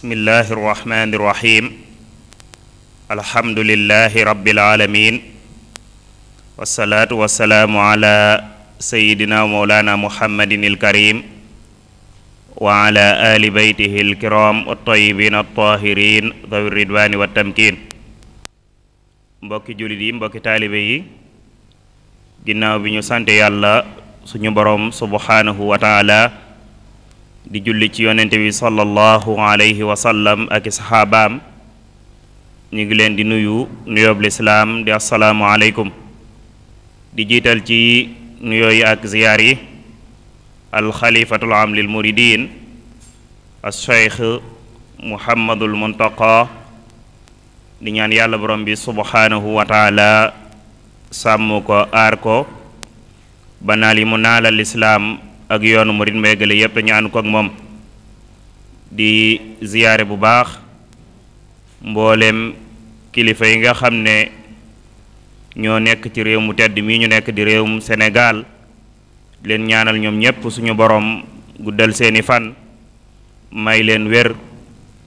bismillahi irrahmani irrahim alhamdulilahi rabilalamin wasalaatu wasalaamu ala sayidina mawlana muhammadin ilkarim wa ala ali beytihi ilkiram altayibin altahirin dawi ridwani wattamkin mbokki jullit yi mbokki taalibe yi ginnaaw bi ñu sant yàlla suñu boroom subhanahu wa taala di julli ci yonente bi sallallahu alayhi wa ak i saxaabaam ñu ngi leen di nuyu nuyoob lislaam di assalaamu aleykum di jiital ci nuyooyu ak ziyaar yi alxalifatul am lil muridin al cheikh muhammadul muntaqa di ñaan yàlla borom bi subhaanahu wa taala sàmm ko aar ko ba naal yi mu naalal lislaam ak yoonu murit ma yeggale yépp te ñaanu ko ak moom di ziyaare bu baax mbooleem kilifa yi nga xam ne ñoo nekk ci réew mu tedd mii ñu nekk di réewum senegal leen ñaanal ñoom ñépp suñu boroom guddal seeni fan may leen wér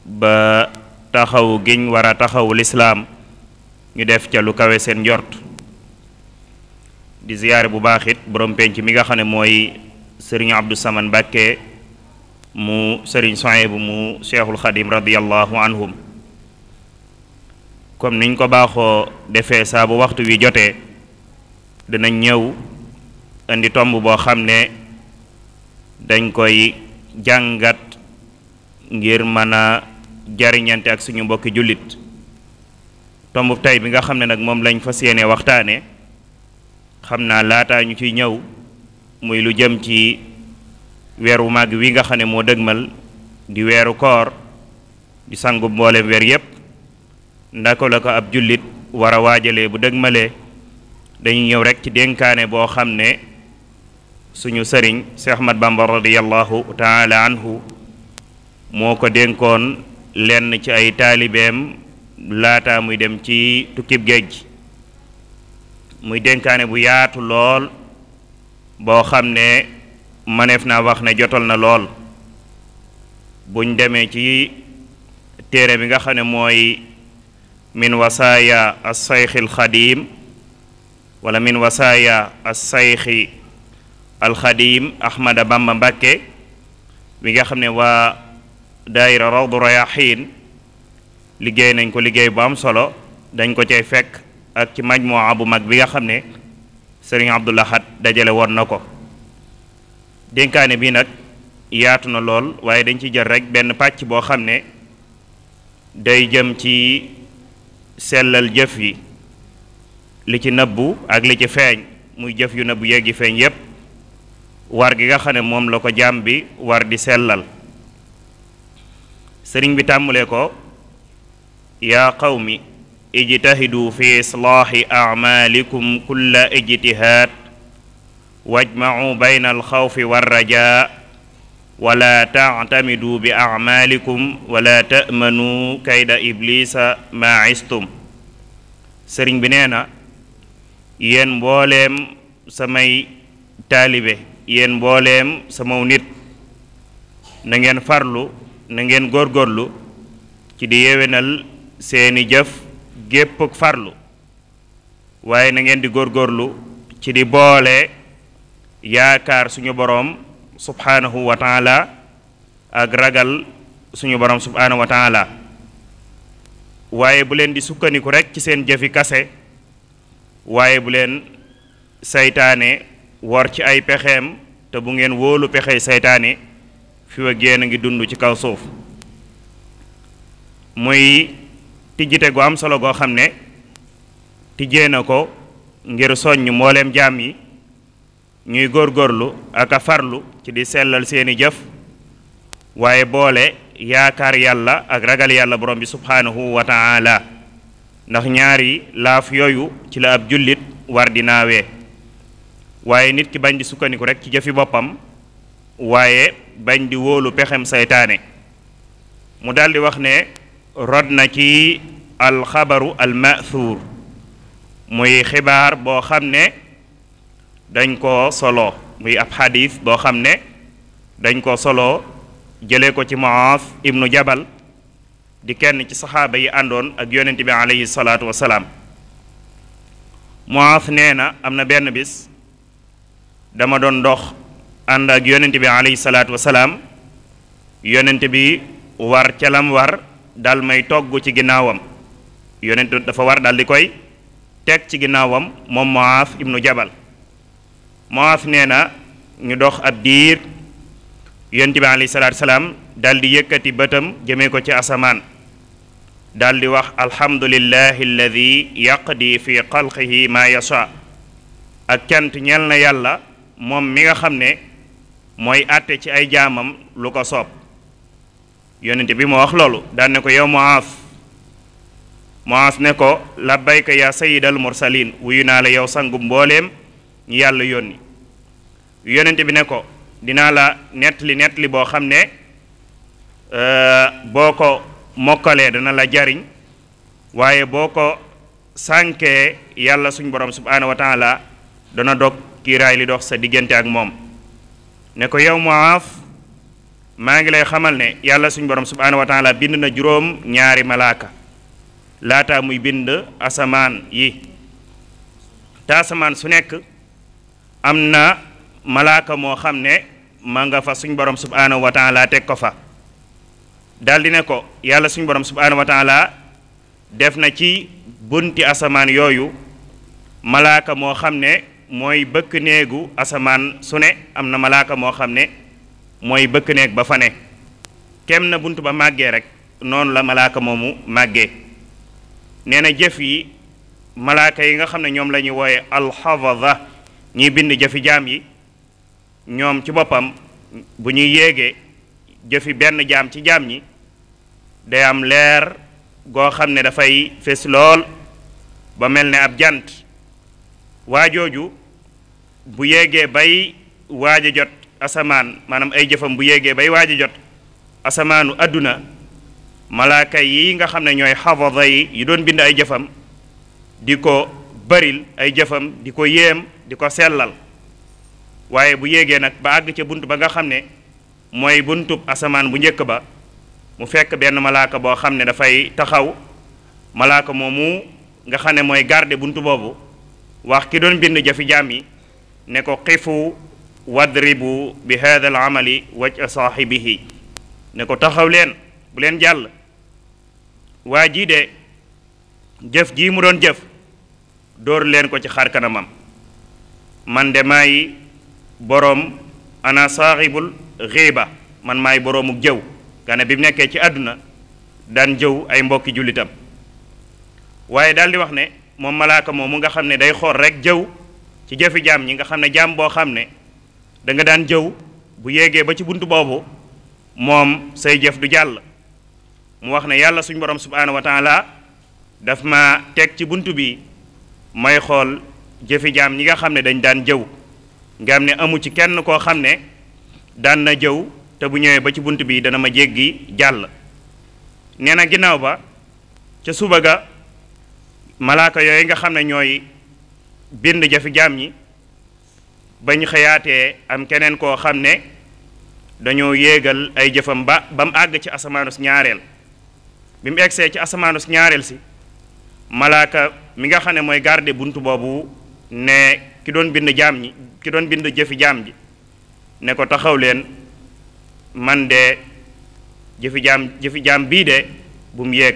ba taxawu giñ war a taxawu lislaam ñu def ca lu kawe seen njort di ziyaare bu baax it borom mi nga xam ne mooy sëriñ Abdou Saman Mbàkke mu sëriñ Sohaybu mu Cheikhul Xadim radiallahu anhum comme niñ ko baaxoo defee saabu waxtu wi jotee dina ñëw indi tomb boo xam ne dañ koy jàngat ngir mën a jariñante ak suñu mbokki jullit tomb tey bi nga xam ne nag moom lañ fa yéene waxtaane xam naa laataa ñu ciy ñëw muy lu jëm ci weeru wu màgg wi nga xam ne moo dëgmal di weeru koor di sangu mboolem weer yépp ndako la ko ab jullit war a waajalee bu dëgmalee dañu ñëw rekk ci dénkaane boo xam ne suñu sëriñ Cheikh Ahmad Bamba radiyallahu taala anhu moo ko dénkoon lenn ci ay taalibeem laata muy dem ci tukkib géej muy dénkaane bu yaatu lool boo xam ne maneef naa wax ne jotal na lool buñ demee ci téere bi nga xam ne mooy min wasaaya as al wala min wasaaya as-sayxi al-xadiim Ahmada Bamba Mbàkke bi nga xam ne waa daayira Rawdu Rayaahiin liggéey nañ ko liggéey bu am solo dañ ko cay fekk ak ci majmuwa bu mag bi nga xam ne sëriñ Abdou Lahad dajale woon na ko dénkaane bi nag yaatu na lool waaye dañ ci jël rek benn pàcc boo xam ne day jëm ci sellal jëf yi li ci nëbbu ak li ci feeñ muy jëf yu nëbbu yeeg yi feeñ yépp war gi nga xam ne moom la ko jaam bi war di sellal sëriñ bi tàmmulee ko yaa mi ijtahidu fi islaahi acmaalikum kulla ijtihaad wajmacuu bayna alxawfi warrajaa wala tactamidu bi acmaalikum wala ta'manuu kayda iblisa maa istum sëriñ bi nee na yéen mbooleem samay taalibe yéen mbooleem samaw nit na ngeen farlu na ngeen ci di yewenal seeni jëf gépp farlu waaye na ngeen di góorgóorlu ci di boole yaakaar suñu boroom subhaanahu wa ak ragal suñu boroom subhaanahu wa taala waaye bu leen di sukkandiku rekk ci seen jëfi kase waaye bu leen saytaane war ci ay pexeem te bu ngeen wóolu pexey seytaane fi wa génn a ngi dund ci kaw suuf muy tijjite gu am solo goo xam ne tijjee na ko ngir soññ mbooleem jaam yi ñuy góor góorlu a farlu ci di sellal seeni jëf waaye boole yaakaar yàlla ak ragal yàlla borom bi subhaanahu wa ndax ñaari laaf yooyu ci la ab jullit war di naawee waaye nit ki bañ di sukkandiku rekk ci jëfi boppam waaye bañ di wóolu pexem seytaane mu daldi wax ne rod na ci alxabaru almathuur muy xibaar boo xam ne dañ ko solo muy ab xadis boo xam ne dañ ko solo jële ko ci Muaaz ibnu Jabal di kenn ci saxaaba yi àndoon ak yonent bi aleyhi salaatu salaam Muaaz nee na am na benn bis dama doon dox ànd ak yonent bi aleyhi salaatu salaam yonent bi war ca war dal may togg ci ginnaawam yonent dafa war dal di koy teg ci ginnaawam moom Muaaf ibnu Jabal Muaaf nee na ñu dox ab diir yonent bi salaam dal di yëkkati bëtam jëmee ko ci asamaan daldi di wax alhamdulillahi alladi yaqdi fi xalqihi ma yasha ak cant ñel na yàlla moom mi nga xam ne mooy àtte ci ay jaamam lu ko soob yonente bi moo wax loolu daan ne ko yow Muaaz Muaaz ne ko la labbayka yaa sayyidal mursalin wuyu naa la yow sangu mbooleem ñu yàlla yónni yonente bi ne ko dinaa la nettali nettali boo xam ne euh, boo ko mokkalee dana la jariñ waaye boo ko sànkee yàlla suñ borom subhaanahu wa taala dana dog kiiraay li dox sa diggante ak moom ne ko yow Muaaz maa ngi lay xamal ne yàlla suñ borom subhaanahu wa bind na juróom ñaari malaaka laata muy bind asamaan yi te asamaan su nekk am na malaaka moo xam ne ma nga fa suñ borom subhaanahu wa teg ko fa daldi ne ko yàlla suñu borom subhaanahu wa def na ci bunti asamaan yooyu malaaka moo xam ne mooy bëkk néegu asamaan su ne am na malaaka moo xam ne mooy bëkk néeg ba fa ne kem na bunt ba màggee rek noonu la malaaka moomu màggee nee na jëf yi malaaka yi nga xam ne ñoom la ñu wooye alxafada ñiy bind jëfi jaam yi ñoom ci boppam bu ñuy yéegee jëfi benn jaam ci jaam ñi day am leer goo xam ne dafay fés lool ba mel ne ab jant waajooju bu yéegee bay waaj jot asamaan maanaam ay jëfam bu yéegee bay waaj a jot asamaanu àdduna malaaka yi nga xam ne ñooy xafada yi yi doon bind ay jëfam di ko baril ay jëfam di ko yéem di ko sellal waaye bu yéegee nag ba àgg ca bunt ba nga xam ne mooy buntub asamaan bu njëkk ba mu fekk benn malaaka boo xam ne dafay taxaw malaaka moomu nga xam ne mooy garde bunt boobu wax ki doon bind jafi jaam yi ne ko xifu wadribu bi hada al amali waj saaxibihi ne ko taxaw leen bu leen jàll waa jii de jëf jii mu doon jëf dóor leen ko ci xar kanamam man de maay boroom ana saaxibul xiiba man maay boroomu jëw nga ne bi mu nekkee ci àdduna daan jëw ay mbokki jullitam waaye daal di wax ne moom malaaka moom mu nga xam ne day xool rek jëw ci jëfi jaam ñi nga xam ne jaam boo xam ne danga daan jëw bu yéegee ba ci bunt boobu moom say jëf du jàll mu wax ne yàlla suñ borom subhaanahu wa taala daf ma teg ci bunt bi may xool jëfi jaam ñi nga xam ne dañ daan jëw nga xam ne amul ci kenn koo xam ne daan na jëw te bu ñëwee ba ci bunt bi dana ma jéggi jàll nee na ginnaaw ba ca suba ga malaaka yooyu nga xam ne ñooy bind jafi jaam yi bañ xëyaatee am keneen koo xam ne dañoo yéegal ay jëfam ba ba àgg ci asamaanu si ñaareel bi mu egsee ci asamaanu si ñaareel si malaaka mi nga xam ne mooy garde bunt boobu ne ki doon bind jaam ñi ki doon bind jëfi jaam ji ne ko taxaw leen man de jëfi jaam jëfi jaam bii de bu mu yéeg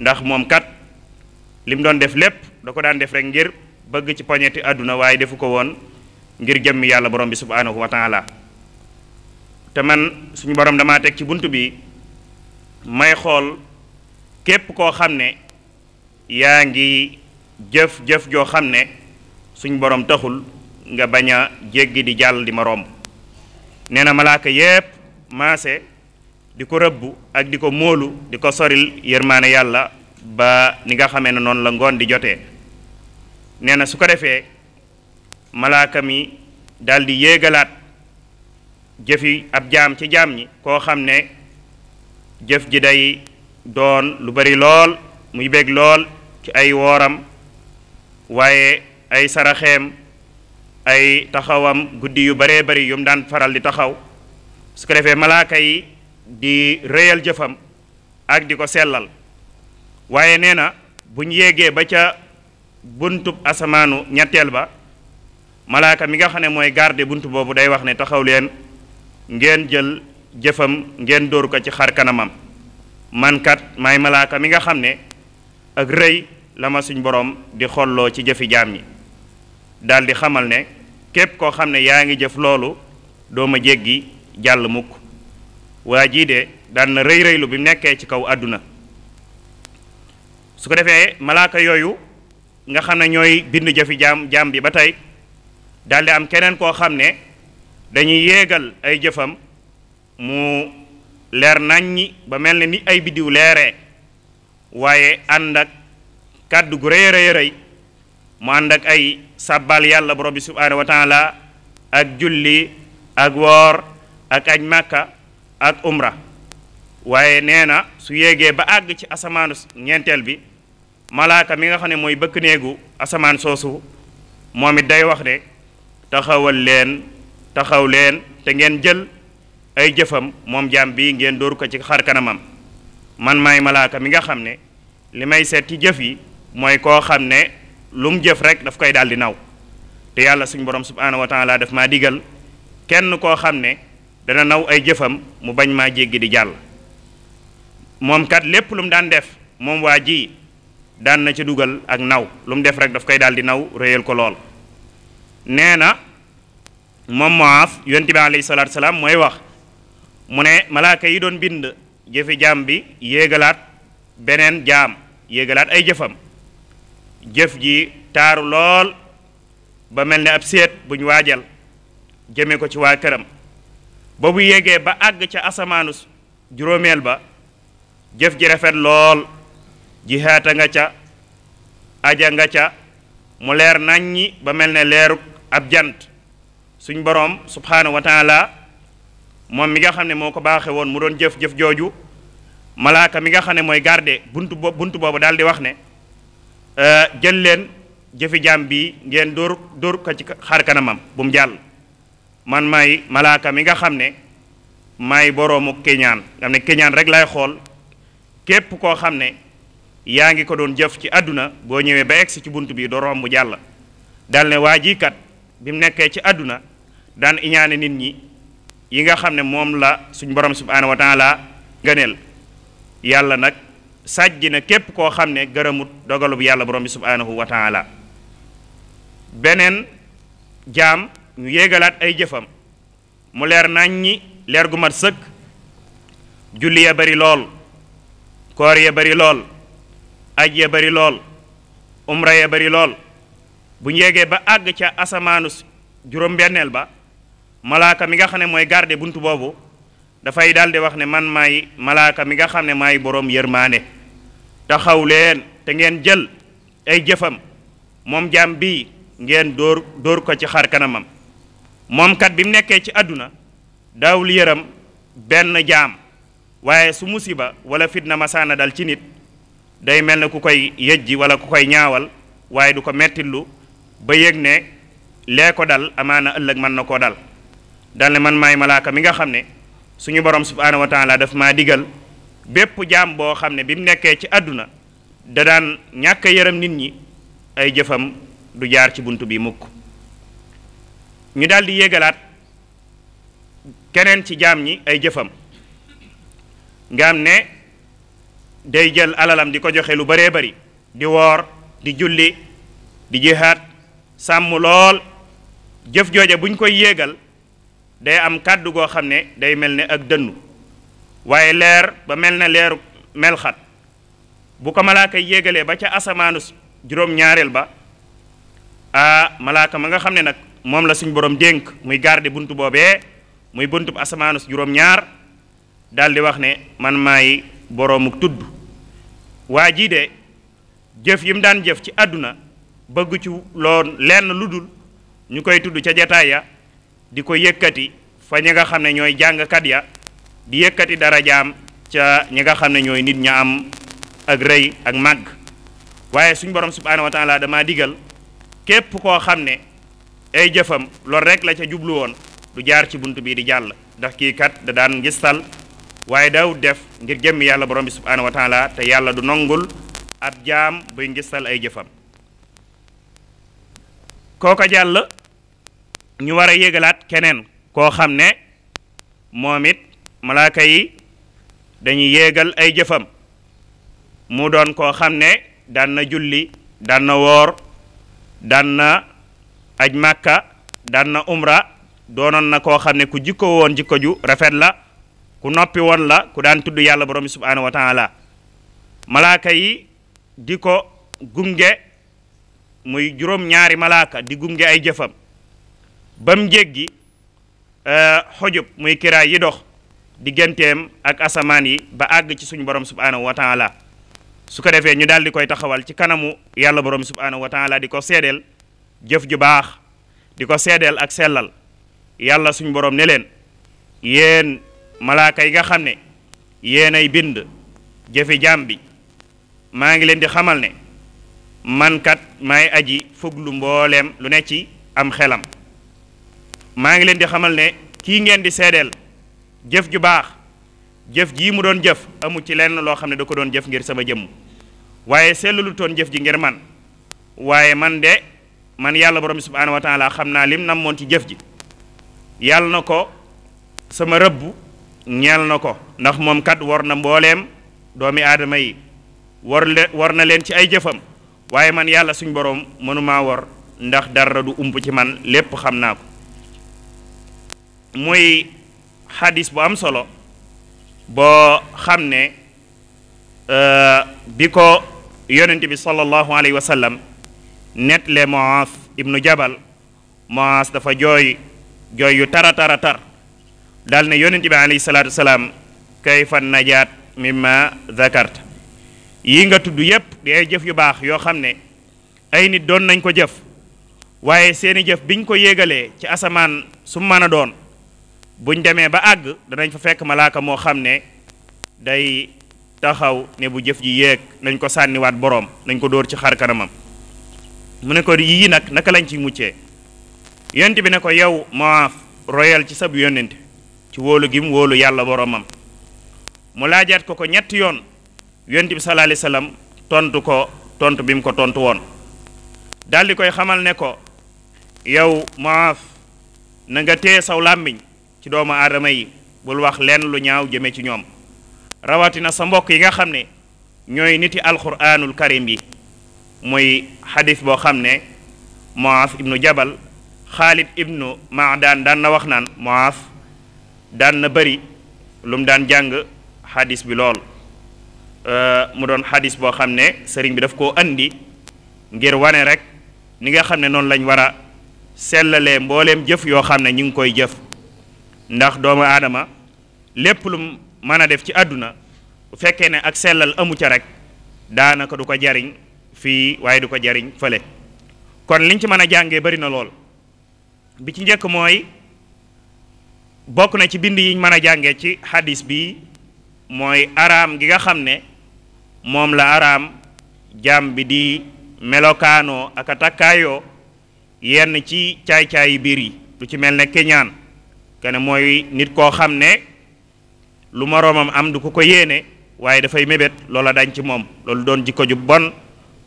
ndax moom kat li mu doon def lépp da ko daan def rek ngir bëgg ci poñeti àdduna waaye defu ko woon ngir jëmm yàlla borom bi subhaanahu wa taala te man suñu borom damaa teg ci bunt bi may xool képp koo xam ne yaa ngi jëf-jëf joo xam ne suñu borom taxul nga bañ a jéggi di jàll di ma romb nee na malaaka yépp maase di ko rëbb ak di ko móolu di ko soril yërmaane yàlla ba ni nga xamee ne noonu la ngoon di jotee nee su ko defee malaaka mi daldi yéegalaat jëfi ab jaam ci jaam ñi koo xam ne jëf ji day doon lu bari lool muy bég lool ci ay wooram waaye ay saraxeem ay taxawam guddi yu bare bari yum daan faral di taxaw su ko defee malaaka yi di réyal jëfam ak di ko sellal waaye nee na bu yéegee ba ca buntub asamaanu ñetteel ba malaaka mi nga xam ne mooy garde bunt boobu day wax ne taxaw leen ngeen jël jëfam ngeen dóor ko ci xar kanamam mankat kat maay malaaka mi nga xam ne ak rëy la suñ borom di xolloo ci jëfi jaam ñi daal di xamal ne képp koo xam ne yaa ngi jëf loolu dooma ma jéggi jàll mukk waa jii de daan rëy rëylu bi mu nekkee ci kaw àdduna su ko defee malaaka yooyu nga xam ne ñooy bind jëfi jaam jaam bi ba tey daldi am keneen koo xam ne dañuy yéegal ay jëfam mu leer naññi ba mel na ni ay biddiw leere waaye ànd ak kàddu gu rëy rëy rëy mu ànd ak ay sàbbal yàlla borom bi subhaanahu wa ak julli ak woor ak aj màkka ak umra waaye nee na su yéegee ba àgg ci asamaanu ñeenteel bi malaaka mi nga xam ne mooy bëkk néegu asamaan soosu moom it day wax ne taxawal leen taxaw leen te ngeen jël ay jëfam moom jaam bi ngeen dóor ko ci xar kanamam man maay malaaka mi nga xam ne li may seet ci jëf yi mooy koo xam ne lu mu jëf rek daf koy daal di naw te yàlla suñu borom subhaanahu wa taala daf maa digal kenn koo xam ne dana naw ay jëfam mu bañ maa jéggi di jàll moom kat lépp lu mu daan def moom waa ji daan na ci dugal ak naw lu mu def rek daf koy daal di naw réyal ko lool nee na moom Muaaz yonent bi alayhi salaatu salaam mooy wax mu ne malaaka yi doon bind jëfi jaam bi yéegalaat beneen jaam yéegalaat ay jëfam jëf ji taaru lool ba mel ne ab seet bu ñu waajal jëme ko ci waa këram ba bu yégee ba àgg ca asamaanu juróomeel ba jëf ji rafet lool jihaata nga ca aja nga ca mu leer naññi ba mel ne leeruk ab jant suñ boroom subhaanahu wa taala moom mi nga xam ne moo ko baaxe woon mu doon jëf-jëf jooju malaaka mi nga xam ne mooy garde buntu bo buntu boobu daal di wax ne euh, jël leen jëfi jaam bi ngeen dóor dóor ko ci xar kanamam bu mu jàll man may malaaka mi nga xam ne may boroomu keñaan nga xam ne keñaan rek lay xool képp koo xam ne yaa ngi ko doon jëf ci àdduna boo ñëwee ba egsi ci bunt bi doo romb jàll dal ne waa jii bi mu nekkee ci àdduna daan iñaane nit ñi yi nga xam ne moom la suñ borom subhaanahu wa taala gëneel yàlla nag sàjj na képp koo xam ne gërëmut dogalub yàlla borom bi subhaanahu wa taala beneen jaam ñu yéegalaat ay jëfam mu leer nañ ñi leer gu mat sëkk julli ya bari lool koor ya bari lool aj ya bari lool umra ya bari lool bu ñu ba àgg ca asamaanu juróom-benneel ba malaaka mi nga xam ne mooy garde bunt boobu dafay daal di wax ne man maay malaaka mi nga xam ne maay boroom yërmaande taxaw leen te ngeen jël ay jëfam moom jaam bi ngeen dóor dóor ko ci xar kanamam moom kat bi mu nekkee ci àdduna daawul yëram benn jaam waaye su musiba wala fitna masaana dal ci nit day mel ne ku koy yëjji wala ku koy ñaawal waaye du ko mettilu ba yëg ne lee ko dal amaana ëllëg mën na koo dal dal man may malaaka mi nga xam ne suñu borom subhaanahu wa taala daf maa digal bépp jaam boo xam ne bi mu nekkee ci àdduna da daan ñàkk a yërëm nit ñi ay jëfam du jaar ci bunt bi mukk ñu daal di yégalaat keneen ci jaam ñi ay jëfam nga am ne day jël alalam di ko joxe lu baree bari di woor di julli di jihaat sàmm lool jëf jooja buñ koy yéegal day am kàddu goo xam ne day mel ne ak dënnu waaye leer ba mel na leeru melxat bu ko malaaka yéegalee ba ca asamaanu juróom-ñaareel ba a malaaka ma nga xam ne nag moom la suñ borom dénk muy garde buntu boobee muy buntu asamaanu juróom-ñaar daldi wax ne man maay boroomu tudd waa jii de jëf yi mu daan jëf ci àdduna bëgg ci loo lenn lu dul ñu koy tudd ca jataay ya di ko yëkkati fa ñi nga xam ne ñooy jàngkat ya di yëkkati darajaam ca ñi nga xam ne ñooy nit ña am ak rëy ak màgg waaye suñ borom subhaanahu wa taala damaa digal képp koo xam ne ay jëfam loolu rek la ca jublu woon du jaar ci bunt bii di jàll ndax kii kat da daan ngistal waaye daawut def ngir jëmm yàlla borom bi subhaanahu wa te yàlla du nongul ab jaam buy ngistal ay jëfam kooko jàll ñu war a yégalaat keneen koo xam ne moom it malaaka yi dañuy yégal ay jëfam mu doon koo xam ne daan na julli daan na woor daan na aj màkka daan na umra doonoon na koo xam ne ku jikko woon jikko ju rafet la ku noppi woon la ku daan tudd yàlla borom bi subhaanahu wa malaaka yi di gunge muy juróom-ñaari malaaka di gunge ay jëfam bam jéggi xojub eh, muy kiraay yi dox digganteem ak asamaan yi ba àgg ci suñu borom subhanahu wa taala su ko defee ñu daal di koy taxawal ci kanamu yàlla borom subhanahu wa taala di ko seedeel jëf ju baax di ko seedeel ak sellal yàlla suñu boroom ne leen yéen malaaka yi nga xam ne yéen ay bind jëfi jaam bi maa ngi leen di xamal ne mankat maay aji fuglu mbooleem lu ne ci am xelam maa ngi leen di xamal ne kii ngeen di seedeel jëf ju baax jëf jii mu doon jëf amu ci lenn loo xam ne da ko doon jëf ngir sama jëmm waaye seetlu toon jëf ji ngir man waaye man de man yàlla borom bi subhaanahu wa taala xam naa lim nam moon ci jëf ji yàlla na ko sama rëbb ñeel na ko ndax moom kat war na mbooleem doomi aadama yi war le war na leen ci ay jëfam waaye man yàlla suñ boroom mënumaa wor ndax dara du umb ci man lépp xam naa ko muy xadis bu am solo boo xam ne euh, bi ko yonent bi sallallahu alayhi wa sallam net le Muaaz ibnu Jabal Muaaz dafa jooy jooy yu tara tara tar dal ne yonent bi alayhi salaatu wa salaam kayfa najaat mimma zakarta yii nga tudd yépp di ay jëf yu baax yoo xam ne ay nit doon nañ ko jëf waaye seeni jëf biñ ko yéegalee ci asamaan su mën a doon buñ demee ba àgg danañ fa fekk malaaka moo xam ne day taxaw ne bu jëf ji yéeg nañ ko sànniwaat boroom nañ ko dóor ci xar kanamam mu ne ko yii nag naka lañ ci muccee yont bi ne ko yow Muaaz royal ci sab yonent ci wóolu mu wóolu yàlla boroomam mu laajaat ko ko ñetti yoon yonent bi sallallahu alayhi tontu ko tontu bi mu ko tontu woon daldi koy xamal ne ko yow maaf na nga téye saw làmmiñ ci doomu aadama yi bul wax lenn lu ñaaw jëme ci ñoom rawatina sa mbokk yi nga xam ne ñooy niti alxuraanul karim yi muy xadis boo xam ne Muaaz ibnu Jabal Xaalid ibnu Maadaan daan na wax naan Muaaz daan na bëri lu mu daan jàng xadis bi lool Euh, mu doon xadis boo xam ne sëriñ bi daf koo andi ngir wane rek ni nga xam ne noonu lañ war a sellalee mbooleem jëf yoo xam ne ñu ngi koy jëf ndax doomu aadama lépp lu mën a def ci àdduna bu fekkee ne ak sellal amu ca rek daanaka du ko jariñ fii waaye du ko jariñ fële kon liñ ci mën a jàngee bari na lool bi ci njëkk mooy bokk na ci bind yiñ mën a jàngee ci xadis bii mooy araam gi nga xam ne moom la araam jaam bi di melokaanoo ak a takkaayoo yenn ci caay-caayi biir yi lu ci mel ne keñaan kene mooy nit koo xam ne lu moroomam am du ko ko yéene waaye dafay mébét loola dañ ci moom loolu doon jikko ju bon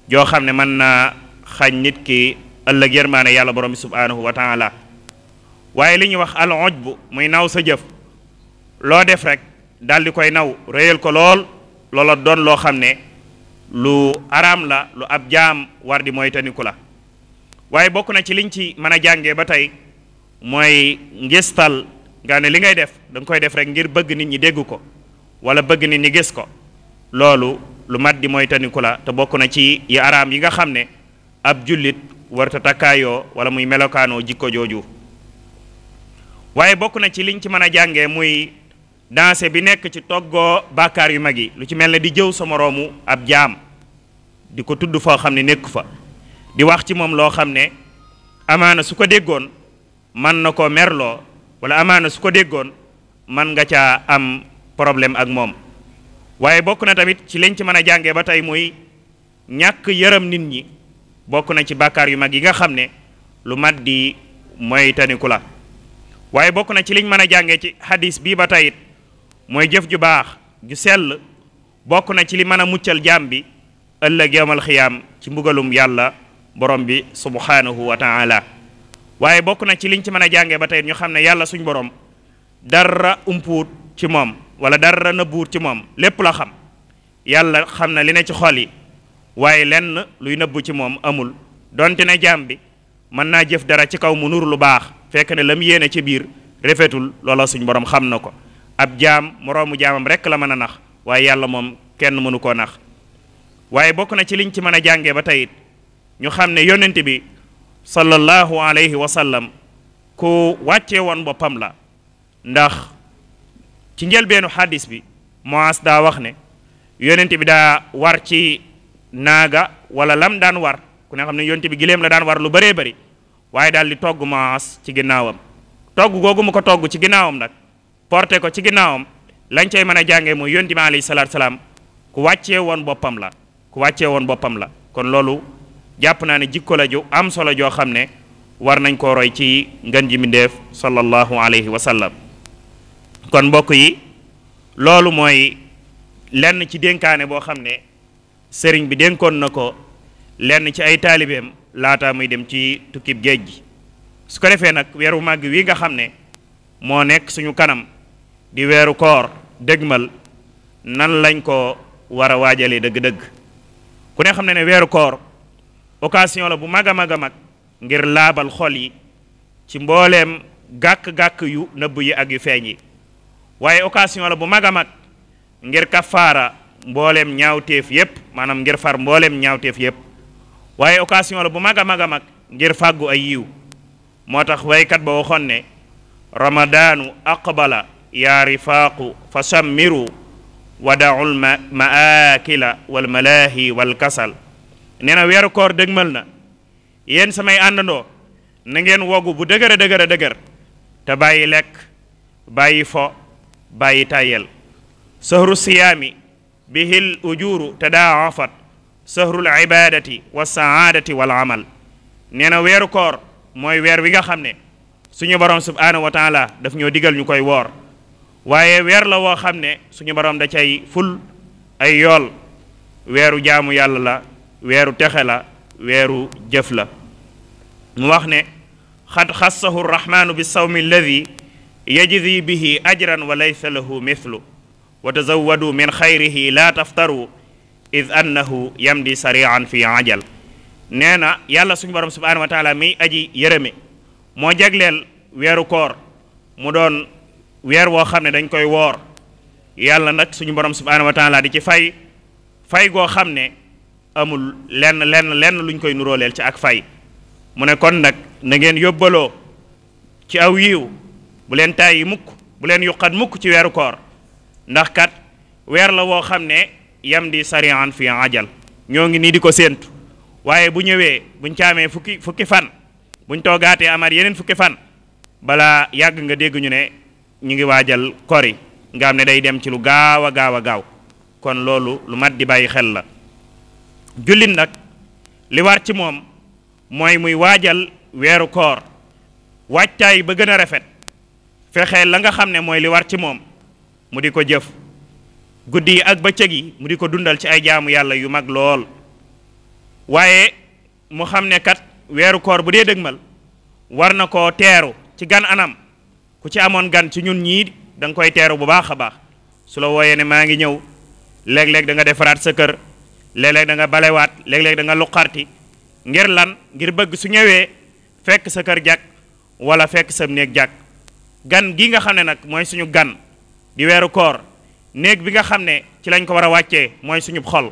joo xam ne mën na xañ nit ki ëllëg yërmaane yàlla borom bi subhaanahu wa taala waaye li ñuy wax al ujbu muy naaw sa jëf loo def rek daal di koy naw réyal ko lool loola doon loo xam ne lu araam la lu ab jaam war di mooy taniku la waaye bokk na ci liñ ci mën a jàngee ba tey mooy ngistal nga ne li ngay def da koy def rek ngir bëgg nit ñi dégg ko wala bëgg nit ñi gis ko loolu lu mat di mooy taniku la te bokk na ci yi araam yi nga xam ne ab jullit warta takkaayoo wala muy melokaanoo jikko jooju waaye bokk na ci liñ ci mën a jàngee muy danse bi nekk ci toggoo bàkkaar yu mag yi lu ci mel ne di jëw sa moroomu ab jaam di ko tudd foo xam ne nekk fa di wax ci moom loo xam ne amaana su ko déggoon mën na koo merloo wala amaana su ko déggoon mën nga caa am problème ak moom waaye bokk na tamit ci liñ ci mën a jàngee ba tey muy ñàkk yërëm nit ñi bokk na ci bàkkaar yu mag yi nga xam ne lu mat di moytaniku la waaye bokk na ci liñ mën a jàngee ci hadis bii ba teyit mooy jëf ju baax ju sell bokk na ci li mën a muccal jaam bi ëllëg yawmal xiyaam ci mbugalum yàlla borom bi subhanahu wa taala waaye bokk na ci liñ ci mën a jàngee ba tey ñu xam ne yàlla suñ borom dara umpuut ci moom wala dara nëbbuut ci moom lépp la xam yàlla xam na li ne ci xol yi waaye lenn luy nëbbu ci moom amul donte ne jaam bi mën naa jëf dara ci kaw mu nur lu baax fekk ne lam yéene ci biir rafetul loola suñ borom xam na ko ab jaam moroomu jaamam rekk la mën a nax waaye yàlla moom kenn mënu koo nax waaye bokk na ci liñ ci mën a jàngee ba tey ñu xam ne yonent bi sallallahu alayhi wa sallam ku wàcce woon boppam la ndax ci njëlbeenu xaddis bi Muaas daa wax ne yonent bi daa war ci naaga wala lam daan war ku ne xam ne yonent bi giléem la daan war lu bëree bëri waaye dal di togg Muaas ci ginnaawam togg googu mu ko togg ci ginnaawam nag porté ko ci ginnaawam lañ cay mën a jàngee mooy yonent bi alayhi salaatu salaam ku wàccee woon boppam la ku wàccee woon boppam la kon loolu jàpp naa ne jikko la ju am solo joo xam ne war nañ koo roy ci ngën ji mbindéef sallallahu alayhi wa sallam kon mbokk yi loolu mooy lenn ci dénkaane boo xam ne sëriñ bi dénkoon na ko lenn ci ay taalibeem laata muy dem ci tukkib géej gi su ko defee nag weeru màgg wi nga xam ne moo nekk suñu kanam di weeru koor dégmal nan lañ ko war a waajalee dëgg-dëgg ku ne xam ne ne weeru koor occasion la bu mag a mag a mag ngir laabal xol yi ci mbooleem gàkk-gàkk yu nëbb yi ak yu feeñ yi waaye occasion la bu mag a mag ngir kafaara mbooleem ñaawteef yépp maanaam ngir far mbooleem ñaawteef yépp waaye occasion la bu mag a mag a mag ngir fàggu ay yiw moo tax waykat ba waxoon ne ramadaanu aqbala yaa rifaaqu fa sammiru wadaul maakila wal malaahi wal kasal nee na weeru koor dëgmal na yéen samay àndandoo na ngeen woggu bu dëgër a dëgër a dëgër te bàyyi lekk bàyyi fo bàyyi tàyyel sahru siyaami bihil ujuru tadaafat sahrul ibaadati wa saadati wal amal nee na weeru koor mooy weer wi nga xam ne suñu borom subhaanahu wa taala daf ñoo digal ñu koy woor waaye weer la woo xam ne suñu borom da cay ful ay yool weeru jaamu yàlla la weeru texe la weeru jëf la mu wax ne xad xassahu rrahmaanu bi sawmi alladi yajzi bihi ajran wa laysa lahu mithlu wa tazawwadu min xayrihi laa taftaru id annahu yamdi sarian fi ajal nee na yàlla suñu borom subhanahu wa taala miy aji yërëme moo jagleel weeru koor mu doon weer woo xam ne dañ koy woor yàlla nag suñu borom subhaanahu wa taala di ci fay fay goo xam ne amul lenn lenn lenn luñ koy nurooleel ci ak fay mu ne kon nag na ngeen yóbbaloo ci aw yiw bu leen tàyyi mukk bu leen yuqat mukk ci weeru koor ndax kat weer la woo xam ne yam di sarian fi ajal ñoo ngi nii di ko séentu waaye bu ñëwee buñ caamee fukki fukki fan buñ toogaatee amaat yeneen fukki fan balaa yàgg nga dégg ñu ne ñu ngi waajal kori nga xam ne day dem ci lu gaaw a gaaw a gaaw kon loolu lu mat di bàyyi xel la jullit nag li war ci moom mooy muy waajal weeru koor waajtaay ba gën a rafet fexe la nga xam ne mooy li war ci moom mu di ko jëf guddi yi ak bëccëg yi mu di ko dundal ci ay jaamu yàlla yu mag lool waaye mu xam ne kat weeru koor bu dee dëgmal war na koo teeru ci gan anam ku ci amoon gan ci ñun ñii da nga koy teeru bu baax a baax su la wooyee ne maa ngi ñëw léeg-léeg da nga defaraat sa kër léeg-léeg da balewaat léeg-léeg da nga luqarti ngir lan ngir bëgg su ñëwee fekk sa kër jàkk wala fekk sa néeg jàkk gan gi nga xam ne nag mooy suñu gan di weeru koor néeg bi nga xam ne ci lañ ko war a wàccee mooy suñu xol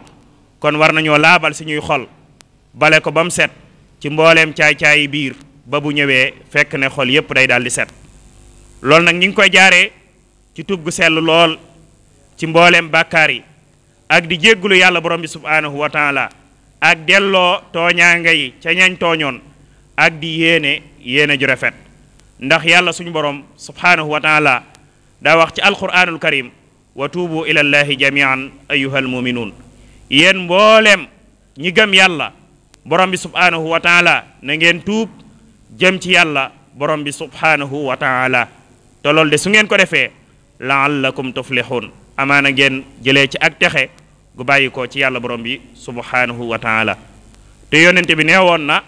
kon war nañoo laabal ñuy xol bale ko ba mu set ci mbooleem caay-caayi biir ba bu ñëwee fekk ne xol yépp day daal di set loolu nag ñi ngi koy jaaree ci tub gu sell lool ci mboolem bàkkaar yi ak di jéggulu yàlla borom bi subhaanahu wa taala ak delloo tooñaanga yi ca ñañ tooñoon ak di yéene yéene ju rafet ndax yàlla suñu borom subhaanahu wa taala daa wax ci alquraanul karim wa tuubu ilallahi jamian ayuhal muminuun yéen mboolem ñi gëm yàlla borom bi subhaanahu wa taala na ngeen tuub jëm ci yàlla borom bi subhaanahu wa taala te loolu de su ngeen ko defee laallakum tuflihun amaana ngeen jëlee ci ak texe gu bàyyi ko ci yàlla borom bi subhanahu wa taala te yonente bi nee woon na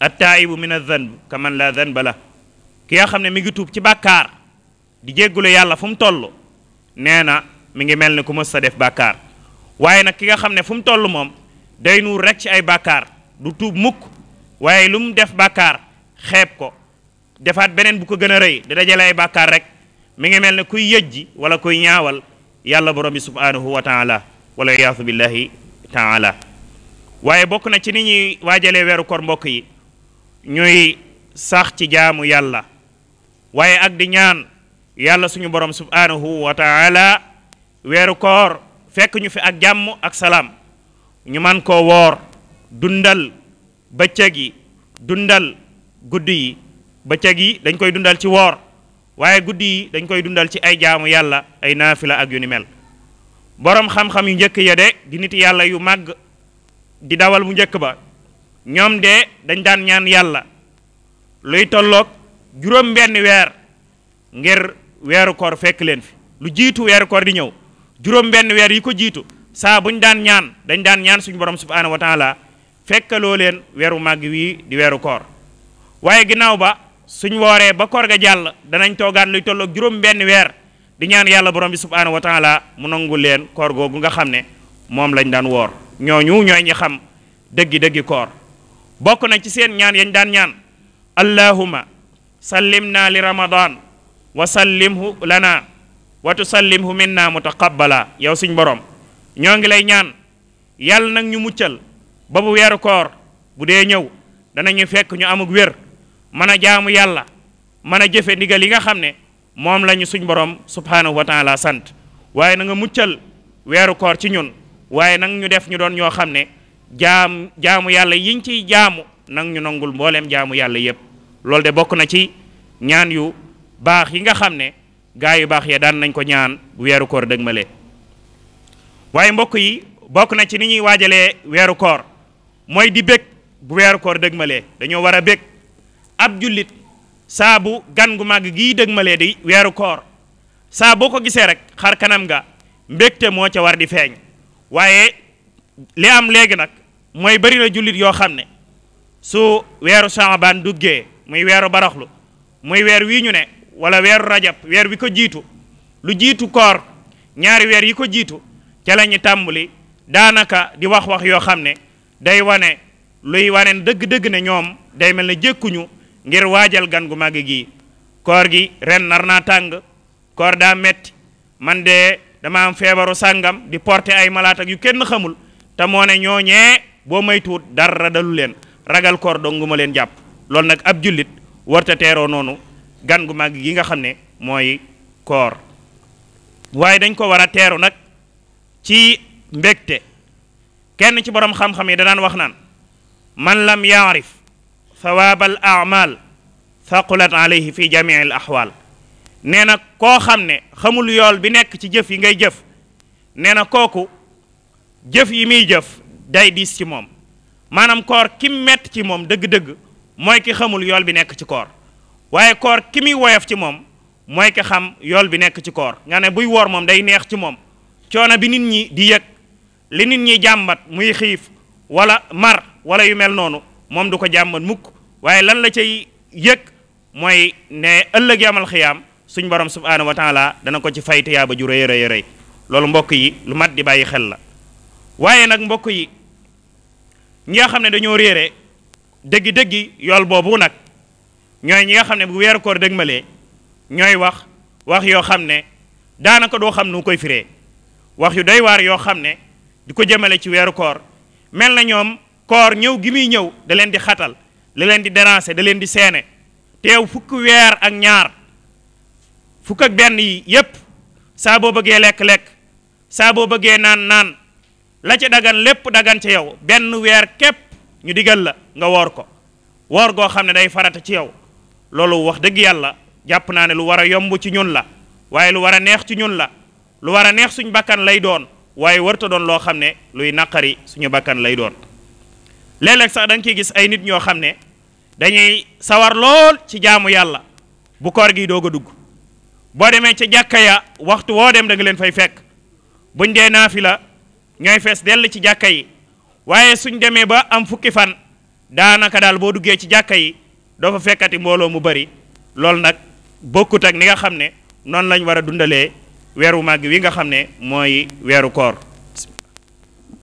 attaayibu min adanb kaman la danba la ki nga xam ne mi ngi tuub ci bàkkaar di jéggule yàlla fu mu toll nee na mi ngi mel ni ku mës sa def bàkkaar waaye nag ki nga xam ne fu mu toll moom day nuur rek ci ay bàkkaar du tuub mukk waaye lu mu def bàkkaar xeeb ko defaat beneen bu ko gën a rëy di dajale ay bàkkaar rek mi ngi mel ne kuy yëjji wala kuy ñaawal yàlla borom bi subhaanahu wa taala wala yaasu billahi taala waaye bokk na ci ni ñuy waajale weeru kor mbokk yi ñuy sax ci jaamu yàlla waaye ak di ñaan yàlla suñu borom subhaanahu wa taala weeru koor fekk ñu fi ak jàmm ak salaam ñu man koo woor dundal bëccëg yi dundal guddi yi bëccëg yi dañ koy dundal ci woor waaye guddi yi dañ koy dundal ci ay jaamu yàlla ay naafila ak yu ni mel boroom xam-xam yu njëkk ya de di nit yàlla yu màgg di dawal bu njëkk ba ñoom de dañ daan ñaan yàlla luy tolloog juróom benn weer ngir weeru koor fekk leen fi lu jiitu weeru koor di ñëw juróom benn weer yi ko jiitu saa buñ daan ñaan dañ daan ñaan suñu borom subhaanahu wa taala fekkaloo leen weeru màgg wii di weeru koor waaye ginnaaw ba suñ wooree ba koor ga jàll danañ toogaat li tolloog juróom benn weer di ñaan yàlla borom bi subhaanahu wa taala mu nangu leen koor googu nga xam ne moom lañ daan woor ñoo ñooñu ñooy ñi xam dëggi dëggi koor bokk na ci seen ñaan yañ daan ñaan allahuma sallim naa li ramadan wa sallimhu lana wa tusallimhu minna mutaqabbala yow suñ borom ñoo ngi lay ñaan yàlla nag ñu muccal ba bu weeru koor bu dee ñëw danañu fekk ñu amug wér mën a jaamu yàlla mën a jëfe ndigal yi nga xam ne moom lañu suñ borom subhaanahu wa taala sant waaye na nga muccal weeru koor ci ñun waaye nang ñu def ñu doon ñoo xam ne jaam jaamu yàlla yiñ ciy jaamu nang ñu nangul mbooleem jaamu yàlla yépp loolu de bokk na ci ñaan yu baax yi nga xam ne gaa yu baax ya daan nañ ko ñaan bu weeru koor dëgmale waaye mbokk yi bokk na ci ni ñuy waajalee weeru koor mooy di bég bu weeru koor dëgmale dañoo war a bég ab jullit saabu bu gan gu màgg gii dëg malee di weeru koor saa boo ko gisee rek xar kanam ga mbégte moo ca war di feeñ waaye li am léegi nag mooy bari na jullit yoo xam ne su weeru saabaan duggee muy weeru baraxlu muy weer wii ñu ne wala weeru rajab weer wi ko jiitu lu jiitu koor ñaari weer yi ko jiitu ca la ñu tàmbali daanaka di wax wax yoo xam ne day wane luy wane dëgg-dëgg ne ñoom day mel ne jékkuñu ngir waajal gan gu màgg gi koor gi ren nar naa tàng koor daa metti man de dama am feebaru sàngam di porter ay malaata yu kenn xamul te moone ne ñooñee boo maytuwut dara dalu leen ragal koor donguma leen jàpp loolu nag ab jullit warta teeroo noonu gan gu màgg gi nga xam ne mooy koor waaye dañ ko war a teeru nag ci mbégte kenn ci boroom xam-xam yi danaan wax naan man lam yaarif sawaabal amal saqulat alayhi fi jamii al axwaal nee na koo xam ne xamul yool bi nekk ci jëf yi ngay jëf nee na kooku jëf yi muy jëf day diis ci moom maanaam koor ki mett ci moom dëgg-dëgg mooy ki xamul yool bi nekk ci koor waaye koor ki muy woyof ci moom mooy ki xam yool bi nekk ci koor nga ne buy woor moom day neex ci moom coono bi nit ñi di yëg li nit ñi jàmbat muy xiif wala mar wala yu mel noonu moom du ko jàmbat mukk waaye lan la cay yëg mooy ne ëllëg yamal xiyaam suñ borom subhaanahu wa taala dana ko ci fayt tiyaaba ju rëy rëy loolu mbokk yi lu mat di bàyyi xel la waaye nag mbokk yi ñi nga xam ne dañoo réere dëggi dëggi yool boobu nag ñooy ñi nga xam ne bu weeru koor dëgmalee ñooy wax wax yoo xam ne daanaka doo xam nu koy firee wax yu doy waar yoo xam ne di ko jëmale ci weeru koor mel na ñoom koor ñëw gi muy ñëw da leen di xatal li di déranger da leen di seene teew fukk weer ak ñaar fukk ak benn yi yépp saa boo bëggee lekk-lekk saa boo bëggee naan naan la ca dagan lépp dagan ca yow benn weer képp ñu digal la nga woor ko woor goo xam ne day farata ci yow loolu wax dëgg yàlla jàpp naa ne lu war a yomb ci ñun la waaye lu war a neex ci ñun la lu war a neex suñu bakkan lay doon waaye warta doon loo xam ne luy naqari suñu bakkan lay doon léeg sax da nga gis ay nit ñoo xam ne dañuy sawar lool ci jaamu yàlla bu koor gi doo ko dugg boo demee ca jàkka ya waxtu woo dem da leen fay fekk buñ dee la ñooy fees dell ci jàkka yi waaye suñ demee ba am fukki fan daanaka daal boo duggee ci jàkka yi doo fa fekkati mbooloo mu bari loolu nag bokkut ak ni nga xam ne noonu lañ war a dundalee weeru màgg wi nga xam ne mooy weeru koor